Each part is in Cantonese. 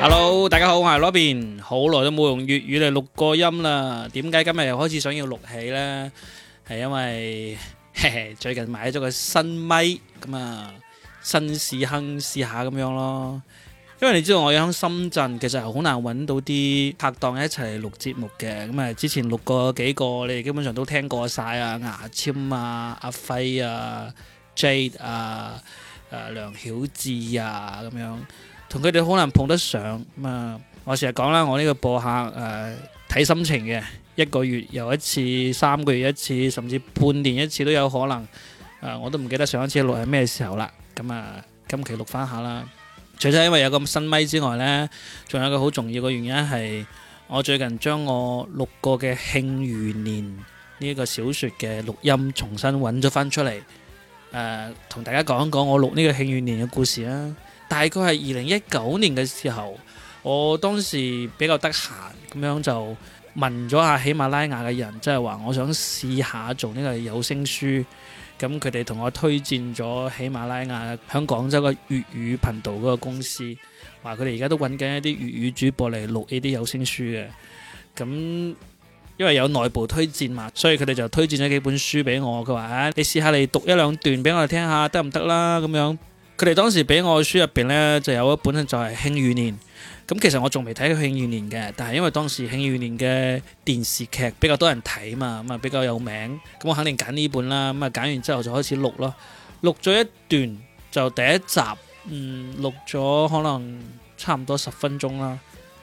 Hello，大家好，我係洛賓，好耐都冇用粵語嚟錄過音啦。點解今日又開始想要錄起呢？係因為 最近買咗個新咪，咁啊，新屎坑試下咁樣咯。因為你知道我喺深圳，其實好難揾到啲拍檔一齊嚟錄節目嘅。咁啊，之前錄過幾個，你哋基本上都聽過晒啊，牙籤啊，啊，阿輝啊，Jade 啊，誒、啊，梁曉智啊，咁樣。同佢哋好難碰得上啊、嗯！我成日講啦，我呢個播客誒睇、呃、心情嘅，一個月又一次，三個月一次，甚至半年一次都有可能。誒、呃，我都唔記得上一次錄係咩時候啦。咁、嗯、啊，今期錄翻下啦。除咗因為有咁新咪之外呢，仲有一個好重要嘅原因係我最近將我錄過嘅《慶餘年》呢、這、一個小說嘅錄音重新揾咗翻出嚟，誒、呃，同大家講一講我錄呢、這個《慶餘年》嘅故事啊！大概係二零一九年嘅時候，我當時比較得閒，咁樣就問咗下喜馬拉雅嘅人，即係話我想試下做呢個有聲書，咁佢哋同我推薦咗喜馬拉雅喺廣州嘅粵語頻道嗰個公司，話佢哋而家都揾緊一啲粵語主播嚟錄呢啲有聲書嘅，咁因為有內部推薦嘛，所以佢哋就推薦咗幾本書俾我，佢話：啊，你試下你讀一兩段俾我哋聽下，得唔得啦？咁樣。佢哋當時俾我嘅書入邊呢，就有一本就係《慶餘年》，嗯。咁其實我仲未睇《慶餘年》嘅，但係因為當時《慶餘年》嘅電視劇比較多人睇嘛，咁啊比較有名，咁、嗯、我肯定揀呢本啦。咁啊揀完之後就開始錄咯，錄咗一段就第一集，嗯，錄咗可能差唔多十分鐘啦，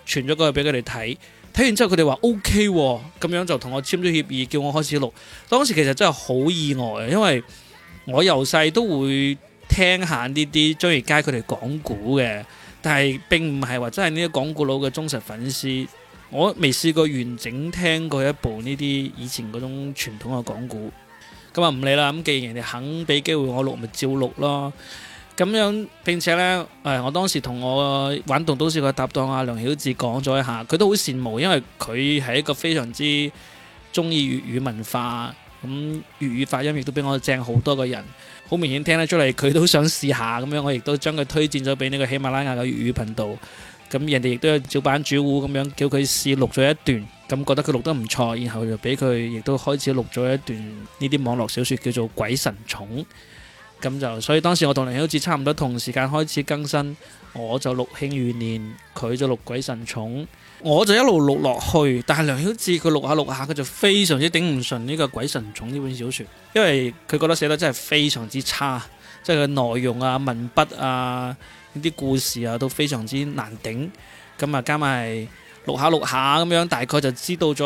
傳咗過去俾佢哋睇。睇完之後佢哋話 OK，咁樣就同我簽咗協議，叫我開始錄。當時其實真係好意外，因為我由細都會，聽下呢啲張悅楷佢哋講古嘅，但係並唔係話真係呢啲講古佬嘅忠實粉絲。我未試過完整聽過一部呢啲以前嗰種傳統嘅講古，咁啊唔理啦。咁既然人哋肯俾機會我錄，咪照錄咯。咁樣並且呢，誒、哎、我當時同我玩棟篤笑嘅搭檔阿梁曉智講咗一下，佢都好羨慕，因為佢係一個非常之中意粵語文化，咁粵語發音亦都比我正好多嘅人。好明顯聽得出嚟，佢都想試下咁樣，我亦都將佢推薦咗俾呢個喜馬拉雅嘅粵語頻道。咁人哋亦都有照版主喎，咁樣叫佢試錄咗一段，咁覺得佢錄得唔錯，然後就俾佢亦都開始錄咗一段呢啲網絡小説叫做《鬼神寵》。咁就所以，當時我同梁曉智差唔多同時間開始更新，我就錄《慶餘年》，佢就錄《鬼神寵》，我就一路錄落去。但係梁曉智佢錄下錄下，佢就非常之頂唔順呢個《鬼神寵》呢本小説，因為佢覺得寫得真係非常之差，即係佢內容啊、文筆啊、呢啲故事啊都非常之難頂。咁啊，加埋錄下錄下咁樣，大概就知道咗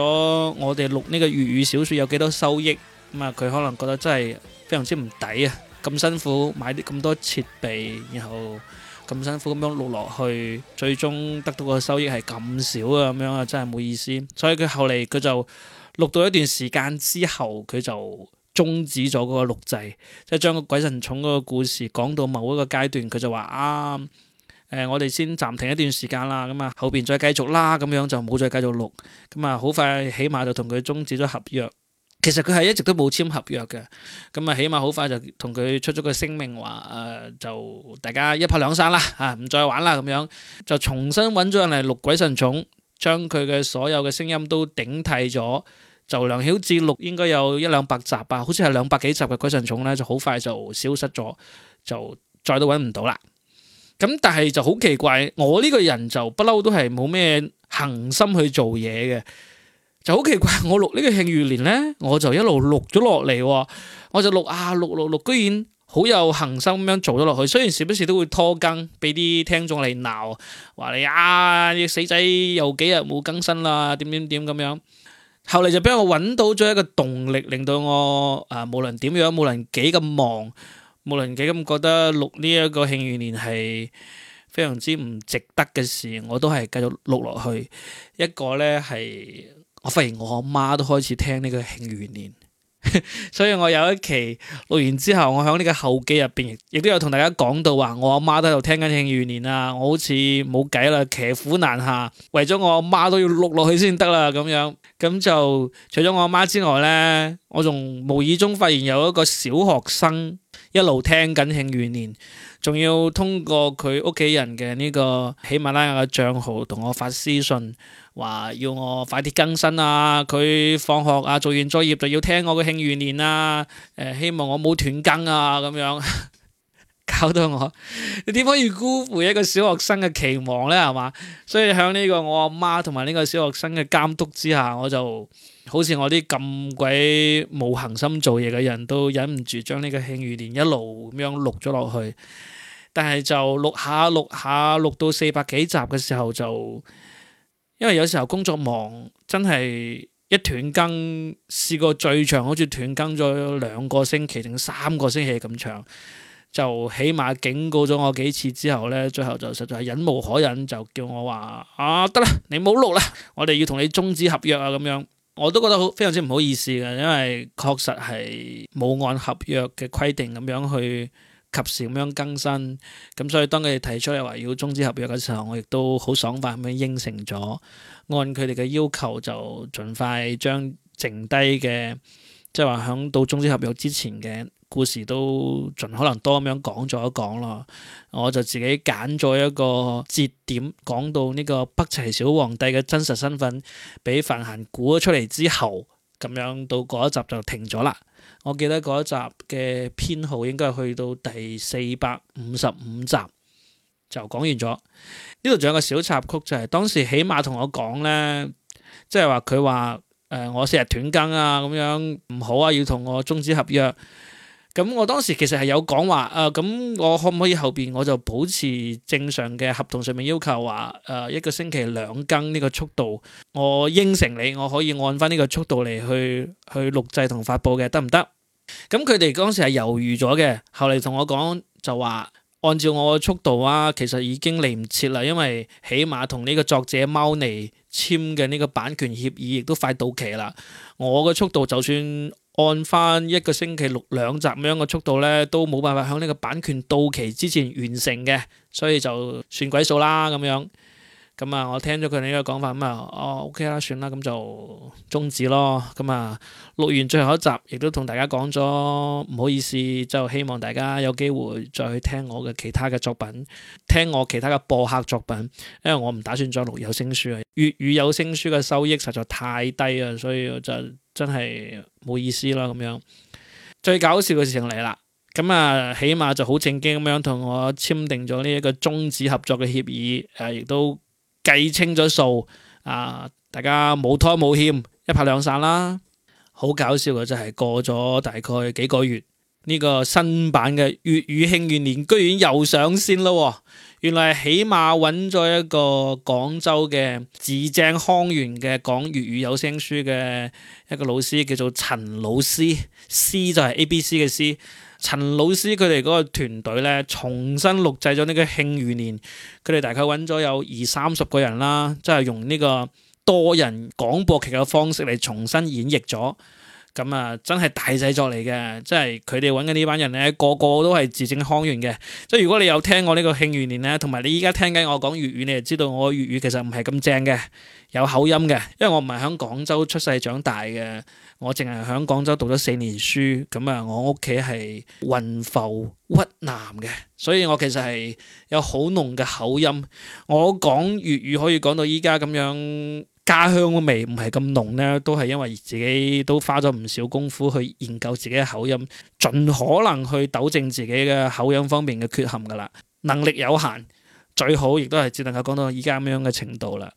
我哋錄呢個粵語小説有幾多收益。咁啊，佢可能覺得真係非常之唔抵啊！咁辛苦買啲咁多設備，然後咁辛苦咁樣錄落去，最終得到個收益係咁少啊！咁樣啊，真係冇意思。所以佢後嚟佢就錄到一段時間之後，佢就終止咗嗰個錄製，即係將個鬼神寵嗰個故事講到某一個階段，佢就話啊，誒、呃，我哋先暫停一段時間啦，咁啊後邊再繼續啦，咁樣就冇再繼續錄，咁啊好快起碼就同佢終止咗合約。其實佢係一直都冇簽合約嘅，咁啊起碼好快就同佢出咗個聲明話，誒、呃、就大家一拍兩散啦，吓，唔再玩啦咁樣，就重新揾咗人嚟錄鬼神寵，將佢嘅所有嘅聲音都頂替咗。就梁曉智錄應該有一兩百集吧，好似係兩百幾集嘅鬼神寵咧，就好快就消失咗，就再都揾唔到啦。咁但係就好奇怪，我呢個人就不嬲都係冇咩恆心去做嘢嘅。就好奇怪，我錄呢個慶餘年呢，我就一路錄咗落嚟，我就錄啊錄錄錄，居然好有恒心咁樣做咗落去。雖然時不時都會拖更，俾啲聽眾嚟鬧，話你啊，你死仔又幾日冇更新啦，點點點咁樣。後嚟就俾我揾到咗一個動力，令到我誒、啊，無論點樣，無論幾咁忙，無論幾咁覺得錄呢一個慶餘年係非常之唔值得嘅事，我都係繼續錄落去。一個呢係。我發現我阿媽都開始聽呢個慶餘年， 所以我有一期錄完之後，我喺呢個後記入邊亦都有同大家講到話，我阿媽都喺度聽緊慶餘年啊！我好似冇計啦，騎虎難下，為咗我阿媽都要錄落去先得啦咁樣。咁就除咗我阿媽之外呢，我仲無意中發現有一個小學生一路聽緊慶餘年。仲要通過佢屋企人嘅呢個喜馬拉雅嘅帳號同我發私信，話要我快啲更新啊！佢放學啊做完作業就要聽我嘅慶餘年啊！誒、呃、希望我冇斷更啊咁樣。 搞到我，你點可以辜負一個小學生嘅期望呢？係嘛，所以喺呢個我阿媽同埋呢個小學生嘅監督之下，我就好似我啲咁鬼冇恒心做嘢嘅人都忍唔住將呢個慶餘年一路咁樣錄咗落去。但係就錄下錄下，錄到四百幾集嘅時候就，因為有時候工作忙，真係一斷更。試過最長好似斷更咗兩個星期定三個星期咁長。就起碼警告咗我幾次之後咧，最後就實在係忍無可忍，就叫我話，啊得啦，你冇錄啦，我哋要同你終止合約啊咁樣。我都覺得好非常之唔好意思嘅，因為確實係冇按合約嘅規定咁樣去及時咁樣更新。咁所以當佢哋提出嚟話要終止合約嘅時候，我亦都好爽快咁樣應承咗，按佢哋嘅要求就盡快將剩低嘅即係話響到終止合約之前嘅。故事都盡可能多咁樣講咗一講啦，我就自己揀咗一個節點講到呢個北齊小皇帝嘅真實身份俾范閒估咗出嚟之後，咁樣到嗰一集就停咗啦。我記得嗰一集嘅編號應該去到第四百五十五集就講完咗。呢度仲有個小插曲就係當時起碼同我講呢，即係話佢話誒我成日斷更啊咁樣唔好啊，要同我終止合約。咁我當時其實係有講話，誒、呃，咁我可唔可以後邊我就保持正常嘅合同上面要求話，誒、呃，一個星期兩更呢個速度，我應承你，我可以按翻呢個速度嚟去去錄製同發布嘅，得唔得？咁佢哋當時係猶豫咗嘅，後嚟同我講就話，按照我嘅速度啊，其實已經嚟唔切啦，因為起碼同呢個作者貓膩簽嘅呢個版權協議亦都快到期啦，我嘅速度就算。按翻一個星期錄兩集咁樣嘅速度咧，都冇辦法喺呢個版權到期之前完成嘅，所以就算鬼數啦咁樣。咁啊，我聽咗佢哋呢個講法咁啊，哦 OK 啦，算啦，咁就中止咯。咁啊，錄完最後一集，亦都同大家講咗唔好意思，就希望大家有機會再去聽我嘅其他嘅作品，聽我其他嘅播客作品，因為我唔打算再錄有聲書啊。粵語有聲書嘅收益實在太低啊，所以我就。真係冇意思啦，咁樣最搞笑嘅事情嚟啦！咁啊，起碼就好正經咁樣同我簽訂咗呢一個終止合作嘅協議，誒、啊，亦都計清咗數啊，大家冇拖冇欠，一拍兩散啦！好搞笑嘅，就係過咗大概幾個月，呢個新版嘅粵語慶餘年居然又上線咯。原來起碼揾咗一個廣州嘅字正腔圓嘅講粵語有聲書嘅一個老師，叫做陳老師，師就係 A B C 嘅師。陳老師佢哋嗰個團隊咧，重新錄製咗呢個《慶餘年》，佢哋大概揾咗有二三十個人啦，即係用呢個多人廣播劇嘅方式嚟重新演繹咗。咁啊，真係大製作嚟嘅，即係佢哋揾嘅呢班人呢，個個都係字正腔圓嘅。即係如果你有聽我呢個慶餘年呢，同埋你依家聽緊我講粵語，你就知道我粵語其實唔係咁正嘅，有口音嘅，因為我唔係喺廣州出世長大嘅，我淨係喺廣州讀咗四年書。咁啊，我屋企係雲浮鬱南嘅，所以我其實係有好濃嘅口音。我講粵語可以講到依家咁樣。家鄉嘅味唔係咁濃呢，都係因為自己都花咗唔少功夫去研究自己嘅口音，盡可能去糾正自己嘅口音方面嘅缺陷噶啦。能力有限，最好亦都係只能夠講到依家咁樣嘅程度啦。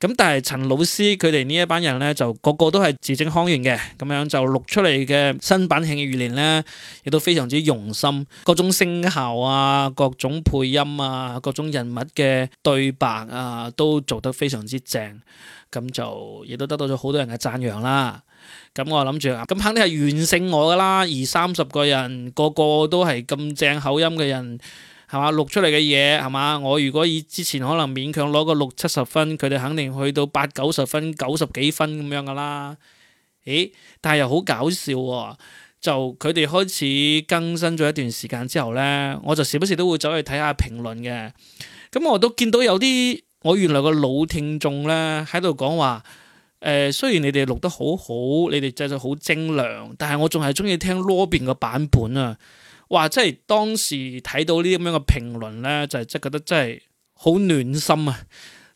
咁但係陳老師佢哋呢一班人呢，就個個都係字正腔圓嘅，咁樣就錄出嚟嘅新版《慶餘年》呢，亦都非常之用心，各種聲效啊、各種配音啊、各種人物嘅對白啊，都做得非常之正。咁就亦都得到咗好多人嘅讚揚啦。咁我諗住啊，咁肯定係完勝我㗎啦。二三十個人，個個都係咁正口音嘅人，係嘛？錄出嚟嘅嘢，係嘛？我如果以之前可能勉強攞個六七十分，佢哋肯定去到八九十分、九十幾分咁樣㗎啦。咦？但係又好搞笑喎，啊，就佢哋開始更新咗一段時間之後呢，我就時不時都會走去睇下評論嘅。咁我都見到有啲。我原來個老聽眾咧喺度講話，誒、呃、雖然你哋錄得好好，你哋製作好精良，但係我仲係鍾意聽 Robin 嘅版本啊！哇，即係當時睇到呢啲咁樣嘅評論咧，就即、是、係覺得真係好暖心啊！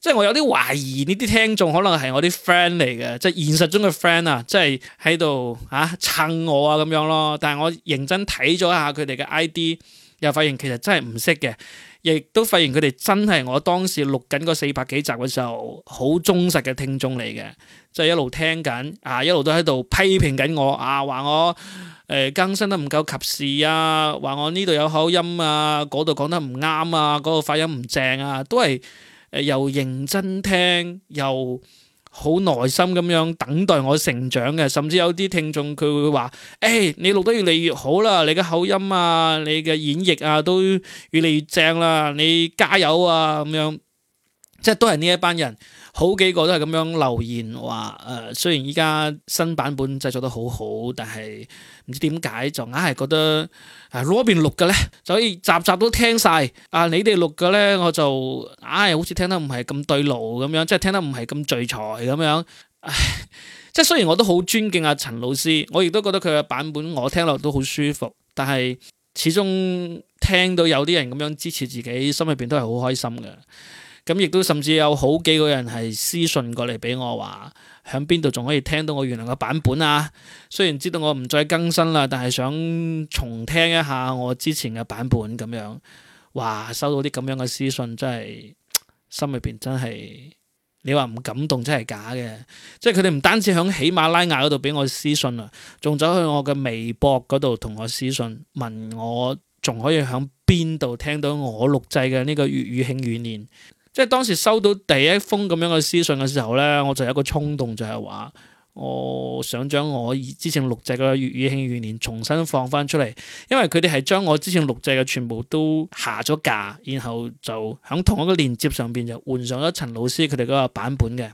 即係我有啲懷疑呢啲聽眾可能係我啲 friend 嚟嘅，即係現實中嘅 friend 啊，即係喺度嚇撐我啊咁樣咯。但係我認真睇咗一下佢哋嘅 ID。又發現其實真係唔識嘅，亦都發現佢哋真係我當時錄緊嗰四百幾集嘅時候，好忠實嘅聽眾嚟嘅，就係、一路聽緊，啊一路都喺度批評緊我，啊話我誒、呃、更新得唔夠及時啊，話我呢度有口音啊，嗰度講得唔啱啊，嗰度發音唔正啊，都係誒、呃、又認真聽又，好耐心咁樣等待我成長嘅，甚至有啲聽眾佢會話：誒、hey，你錄得越嚟越好啦，你嘅口音啊，你嘅演繹啊，都越嚟越正啦，你加油啊咁樣。即係都係呢一班人，好幾個都係咁樣留言話，誒、呃，雖然依家新版本製作得好好，但係唔知點解就硬係覺得阿洛賓錄嘅呢，就可以集集都聽晒。啊，你哋錄嘅呢，我就、哎、唉，好似聽得唔係咁對路咁樣，即係聽得唔係咁聚財咁樣。即係雖然我都好尊敬阿陳老師，我亦都覺得佢嘅版本我聽落都好舒服，但係始終聽到有啲人咁樣支持自己，心入邊都係好開心嘅。咁亦都甚至有好幾個人係私信過嚟俾我話，響邊度仲可以聽到我原來嘅版本啊？雖然知道我唔再更新啦，但係想重聽一下我之前嘅版本咁樣。哇！收到啲咁樣嘅私信，真係心裏邊真係，你話唔感動真係假嘅。即係佢哋唔單止響喜馬拉雅嗰度俾我私信啊，仲走去我嘅微博嗰度同我私信，問我仲可以響邊度聽到我錄製嘅呢個粵語慶餘年。即係當時收到第一封咁樣嘅私信嘅時候咧，我就有個衝動，就係、是、話我想將我之前錄製嘅粵語慶餘年重新放翻出嚟，因為佢哋係將我之前錄製嘅全部都下咗架，然後就喺同一個連接上邊就換上咗陳老師佢哋嗰個版本嘅。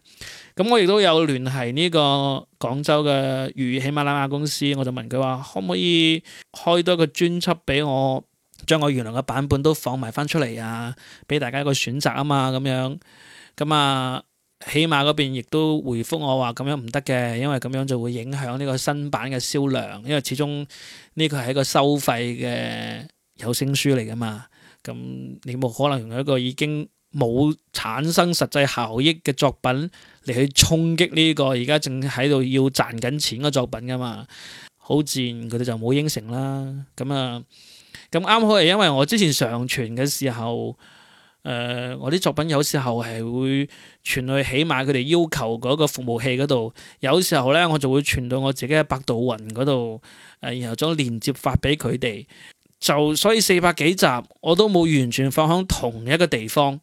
咁、嗯、我亦都有聯繫呢個廣州嘅粵語喜馬拉雅公司，我就問佢話可唔可以開多一個專輯俾我？將我原來嘅版本都放埋翻出嚟啊，俾大家一個選擇啊嘛，咁樣咁啊。起碼嗰邊亦都回覆我話咁樣唔得嘅，因為咁樣就會影響呢個新版嘅銷量，因為始終呢個係一個收費嘅有聲書嚟噶嘛。咁你冇可能用一個已經冇產生實際效益嘅作品嚟去衝擊呢個而家正喺度要賺緊錢嘅作品噶嘛。好自然，佢哋就冇應承啦。咁啊～咁啱好係因為我之前上傳嘅時候，誒、呃，我啲作品有時候係會傳去起碼佢哋要求嗰個服務器嗰度，有時候呢，我就會傳到我自己嘅百度雲嗰度，誒，然後將連接發俾佢哋，就所以四百幾集我都冇完全放喺同一個地方。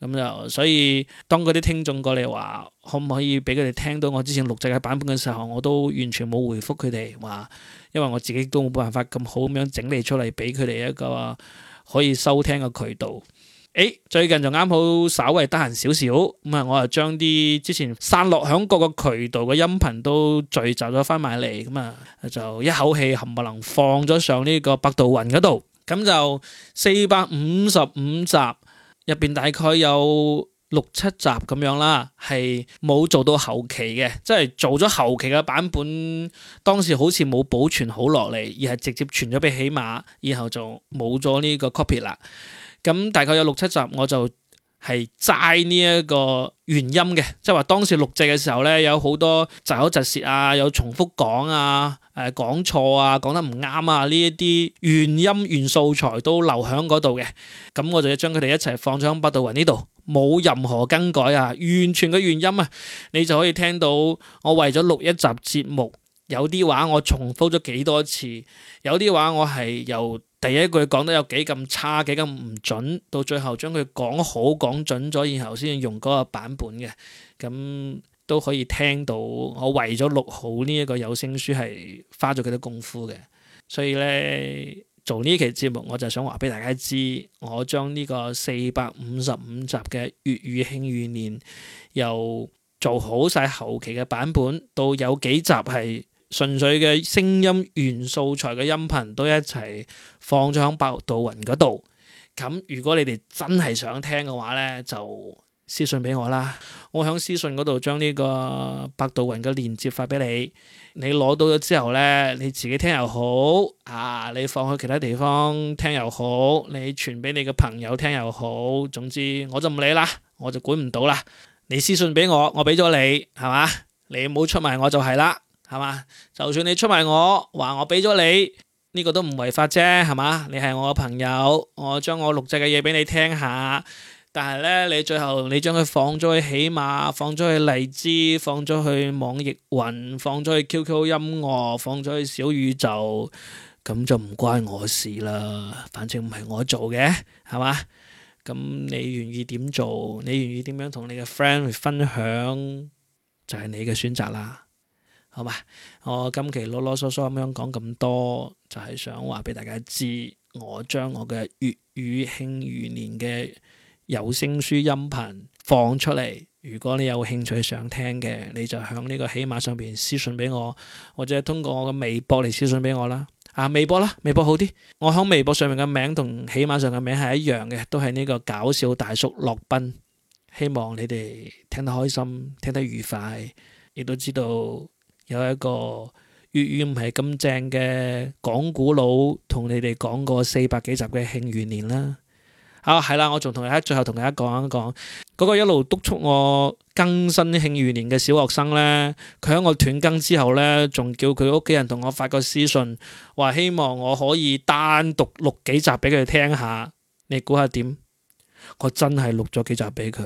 咁就、嗯、所以，當嗰啲聽眾過嚟話，可唔可以俾佢哋聽到我之前錄製嘅版本嘅時候，我都完全冇回覆佢哋，話因為我自己都冇辦法咁好咁樣整理出嚟俾佢哋一個可以收聽嘅渠道。誒、欸，最近就啱好稍微得閒少少，咁啊，我就將啲之前散落響各個渠道嘅音頻都聚集咗翻埋嚟，咁啊就一口氣冚唪唥放咗上呢個百度雲嗰度，咁就四百五十五集。入邊大概有六七集咁樣啦，係冇做到後期嘅，即係做咗後期嘅版本，當時好似冇保存好落嚟，而係直接傳咗俾喜馬，然後就冇咗呢個 copy 啦。咁大概有六七集，我就，係齋呢一個原音嘅，即係話當時錄製嘅時候呢，有好多窒口窒舌啊，有重複講啊，誒講錯啊，講得唔啱啊，呢一啲原音原素材都留響嗰度嘅。咁我就要將佢哋一齊放咗響百度雲呢度，冇任何更改啊，完全嘅原音啊，你就可以聽到我為咗錄一集節目，有啲話我重複咗幾多次，有啲話我係由……第一句講得有幾咁差，幾咁唔準，到最後將佢講好講準咗，然後先用嗰個版本嘅，咁都可以聽到。我為咗錄好呢一個有聲書係花咗幾多功夫嘅，所以呢，做呢期節目，我就想話俾大家知，我將呢個四百五十五集嘅粵語慶餘年由做好晒後期嘅版本，到有幾集係純粹嘅聲音原素材嘅音頻都一齊放咗喺百度雲嗰度。咁如果你哋真係想聽嘅話呢，就私信俾我啦。我喺私信嗰度將呢個百度雲嘅鏈接發俾你。你攞到咗之後呢，你自己聽又好啊，你放去其他地方聽又好，你傳俾你嘅朋友聽又好。總之我就唔理啦，我就管唔到啦。你私信俾我，我俾咗你係嘛，你唔好出賣我就係啦。係嘛？就算你出埋我，話我畀咗你呢個都唔違法啫，係嘛？你係我嘅朋友，我將我錄製嘅嘢畀你聽下。但係咧，你最後你將佢放咗去喜馬，放咗去荔枝，放咗去網易雲，放咗去 QQ 音樂，放咗去小宇宙，咁就唔關我事啦。反正唔係我做嘅，係嘛？咁你願意點做？你願意點樣同你嘅 friend 去分享？就係你嘅選擇啦。好嘛？我今期囉囉嗦嗦咁樣講咁多，就係想話俾大家知，我將我嘅粵語慶餘年嘅有聲書音頻放出嚟。如果你有興趣想聽嘅，你就響呢個喜馬上邊私信俾我，或者通過我嘅微博嚟私信俾我啦。啊，微博啦，微博好啲。我響微博上面嘅名同喜馬上嘅名係一樣嘅，都係呢個搞笑大叔洛賓。希望你哋聽得開心，聽得愉快，亦都知道。有一個粵語唔係咁正嘅講古佬同你哋講過四百幾集嘅《慶餘年》啦，好，係啦，我仲同大家最後同大家講一講嗰個一路督促我更新《慶餘年》嘅小學生呢。佢喺我斷更之後呢，仲叫佢屋企人同我發個私信，話希望我可以單獨錄幾集俾佢聽下。你估下點？我真係錄咗幾集俾佢。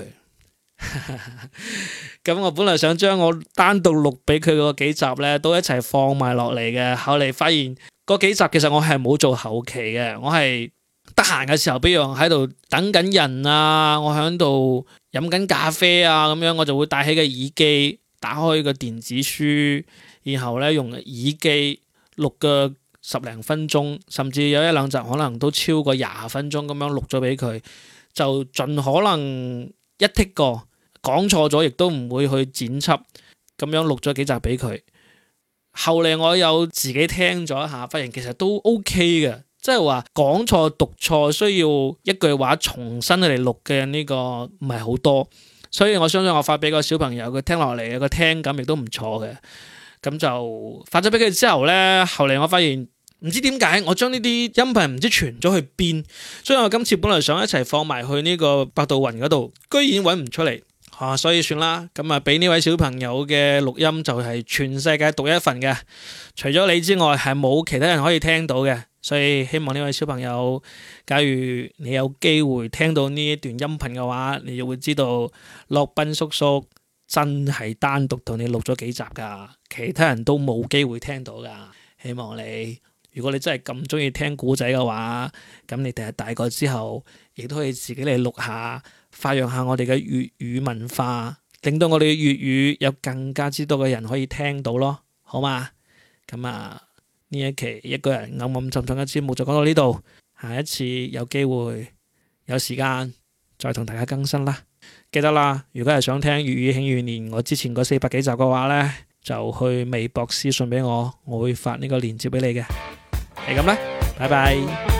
咁 我本來想將我單獨錄俾佢嗰幾集呢，都一齊放埋落嚟嘅。後嚟發現嗰幾集其實我係冇做後期嘅，我係得閒嘅時候，比如話喺度等緊人啊，我響度飲緊咖啡啊，咁樣我就會帶起個耳機，打開個電子書，然後呢，用耳機錄個十零分鐘，甚至有一兩集可能都超過廿分鐘咁樣錄咗俾佢，就盡可能一剔過。講錯咗，亦都唔會去剪輯，咁樣錄咗幾集俾佢。後嚟我有自己聽咗一下，發現其實都 O K 嘅，即係話講錯讀錯，需要一句話重新嚟錄嘅呢個唔係好多，所以我相信我發俾個小朋友佢聽落嚟個聽感亦都唔錯嘅。咁就發咗俾佢之後呢，後嚟我發現唔知點解，我將呢啲音頻唔知傳咗去邊，所以我今次本嚟想一齊放埋去呢個百度雲嗰度，居然揾唔出嚟。啊，所以算啦，咁啊，俾呢位小朋友嘅錄音就係全世界獨一份嘅，除咗你之外，係冇其他人可以聽到嘅。所以希望呢位小朋友，假如你有機會聽到呢一段音頻嘅話，你就會知道洛賓叔叔真係單獨同你錄咗幾集噶，其他人都冇機會聽到噶。希望你，如果你真係咁中意聽古仔嘅話，咁你第日大個之後，亦都可以自己嚟錄下。發揚下我哋嘅粵語文化，令到我哋粵語有更加之多嘅人可以聽到咯，好嘛？咁啊，呢一期一個人暗暗沉沉嘅節目就講到呢度，下一次有機會有時間再同大家更新啦。記得啦，如果係想聽粵語慶餘年我之前嗰四百幾集嘅話呢，就去微博私信俾我，我會發呢個鏈接俾你嘅。係咁 啦，拜拜。